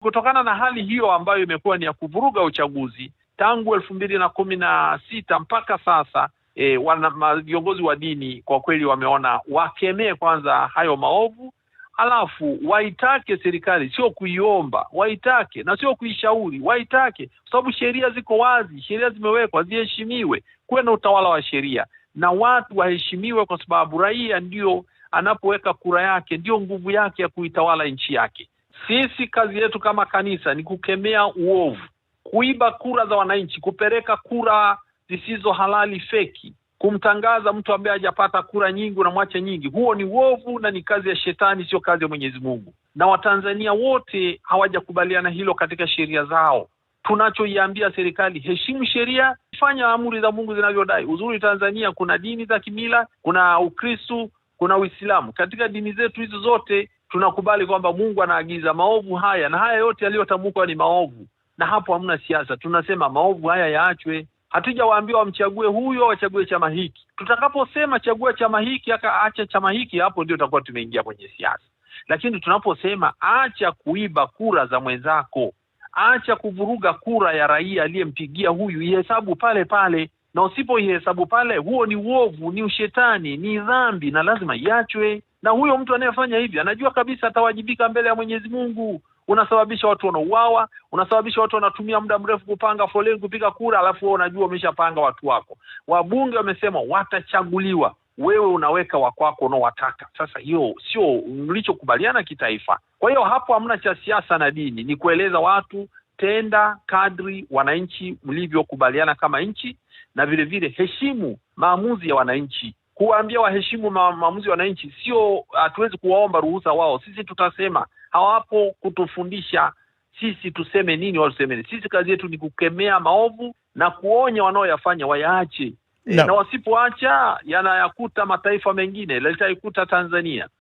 Kutokana na hali hiyo ambayo imekuwa ni ya kuvuruga uchaguzi tangu elfu mbili na kumi na sita mpaka sasa, e, wana viongozi wa dini kwa kweli wameona wakemee kwanza hayo maovu, alafu waitake serikali, sio kuiomba, waitake na sio kuishauri, waitake, kwa sababu sheria ziko wazi, sheria zimewekwa, ziheshimiwe, kuwe na utawala wa sheria na watu waheshimiwe, kwa sababu raia ndio anapoweka kura yake, ndio nguvu yake ya kuitawala nchi yake. Sisi kazi yetu kama kanisa ni kukemea uovu, kuiba kura za wananchi, kupeleka kura zisizo halali feki, kumtangaza mtu ambaye hajapata kura nyingi, unamwacha nyingi. Huo ni uovu na ni kazi ya shetani, sio kazi ya Mwenyezi Mungu, na Watanzania wote hawajakubaliana hilo katika sheria zao. Tunachoiambia serikali, heshimu sheria, fanya amri za Mungu zinavyodai. Uzuri Tanzania kuna dini za kimila, kuna Ukristu, kuna Uislamu. Katika dini zetu hizo zote tunakubali kwamba Mungu anaagiza maovu haya na haya yote yaliyotamkwa ni maovu, na hapo hamna siasa. Tunasema maovu haya yaachwe. Hatujawaambiwa wamchague huyo, wachague chama hiki. Tutakaposema chagua chama hiki, akaacha chama hiki, hapo ndio tutakuwa tumeingia kwenye siasa. Lakini tunaposema acha kuiba kura za mwenzako, acha kuvuruga kura ya raia aliyempigia huyu, ihesabu pale pale, na usipoihesabu pale, huo ni uovu, ni ushetani, ni dhambi, na lazima iachwe na huyo mtu anayefanya hivi anajua kabisa atawajibika mbele ya Mwenyezi Mungu. Unasababisha watu wanauawa, unasababisha watu wanatumia muda mrefu kupanga foleni kupiga kura, alafu wewe unajua umeshapanga watu wako. Wabunge wamesema watachaguliwa, wewe unaweka wakwako unaowataka. Sasa hiyo sio mlichokubaliana kitaifa. Kwa hiyo hapo hamna cha siasa na dini, ni kueleza watu tenda kadri wananchi mlivyokubaliana kama nchi, na vilevile heshimu maamuzi ya wananchi kuwaambia waheshimu maamuzi wananchi, sio ah, hatuwezi kuwaomba ruhusa wao. Sisi tutasema, hawapo kutufundisha sisi tuseme nini, watuseme nini. Sisi kazi yetu ni kukemea maovu na kuonya wanaoyafanya wayaache. Eh, no. Na wasipoacha yanayakuta mataifa mengine, litaikuta Tanzania.